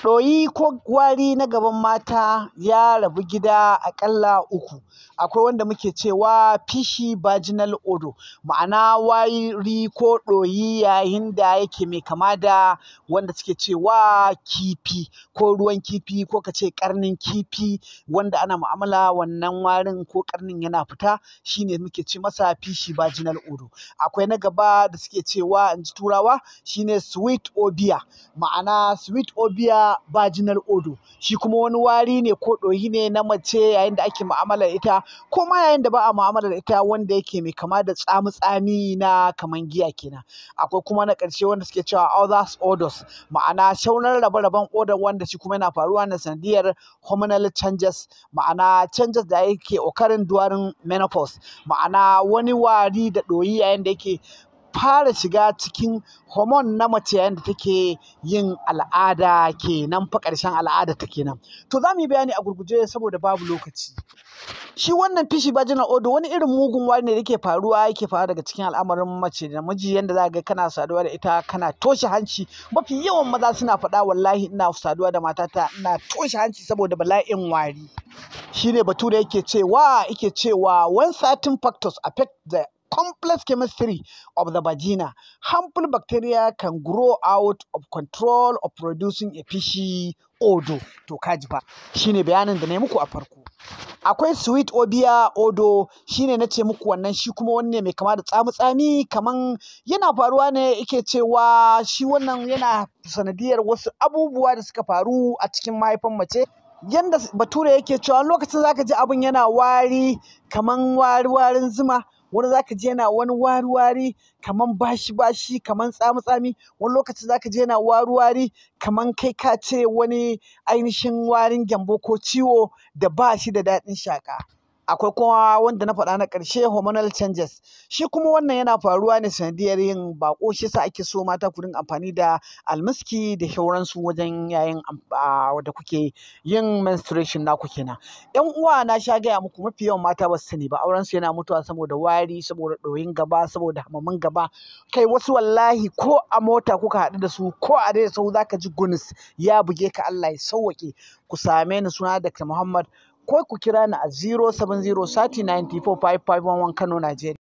Ɗoyi ko wari na gaban mata ya rabu gida aƙalla uku. Akwai wanda muke cewa fishi, bajinal odo, ma'ana wari ko ɗoyi yayin da yake mai kama da wanda suke cewa kifi ko ruwan kifi ko ka ce ƙarnin kifi wanda ana mu'amala wannan warin ko ƙarnin yana fita shi ne muke ce masa fishi, vaginal odo, Akwai na gaba da suke cewa in ji Turawa shi ne sweet obia, ma'ana sweet obia. Ba vaginal odor shi kuma wani wari ne ko ɗoyi ne na mace yayin da ake mu'amalar ita ko ma yayin da ba a mu'amalar ita wanda yake mai kama da tsami-tsami na kaman giya kenan akwai kuma na ƙarshe wanda suke cewa others odors ma'ana shaunar rabe-raben odor wanda shi kuma yana faruwa na sanadiyar hormonal changes ma'ana changes da yake ƙoƙarin duwarin menopause ma'ana wani wari da ɗoyi yayin da yake fara shiga cikin homon na mace yayin da take yin al'ada kenan fa ƙarshen al'ada ta kenan to za mu yi bayani a gurguje saboda babu lokaci shi wannan fishi vaginal odo wani irin mugun wari ne yake faruwa yake faruwa daga cikin al'amarin mace da namiji, yanda za ga kana saduwa da ita kana toshe hanci mafi yawan maza suna faɗa wallahi ina saduwa da matata ina toshe hanci saboda bala'in wari shine bature yake cewa yake cewa one Satin factors affect the complex chemistry of the vagina, harmful bacteria can grow out of control of producing a fishy odor. To kaji ba, shine bayanin da na muku a farko. Akwai sweet obia odo shine na ce muku wannan shi kuma wanne mai kama da tsami-tsami kaman yana faruwa ne yake cewa shi wannan yana sanadiyar wasu abubuwa da suka faru a cikin mahaifan mace yanda bature yake cewa lokacin zaka ji abin yana wari kaman wari warin zuma wani zaka ji yana wani wari-wari kaman bashi-bashi kaman tsami-tsami wani lokacin zaka ji yana wari-wari kaman kai ka cire wani ainihin warin gyambo ko ciwo da bashi da daɗin shaƙa. akwai kuma wanda na faɗa na ƙarshe hormonal changes shi kuma wannan yana faruwa ne sanadiyar yin baƙo shi sa ake so mata ku dinga amfani da almiski da shauransu wajen yayin da kuke yin menstruation naku kenan yan uwa na sha gaya muku mafi yawan mata ba su sani ba auren su yana mutuwa saboda wari saboda ɗoyin gaba saboda hamamin gaba kai wasu wallahi ko a mota kuka haɗu da su ko a dai sau zaka ji gunis ya buge ka Allah ya sauwake ku same ni suna Dr. Muhammad ko ku kira ni a 070 30 94 551 Kano, Najeriya.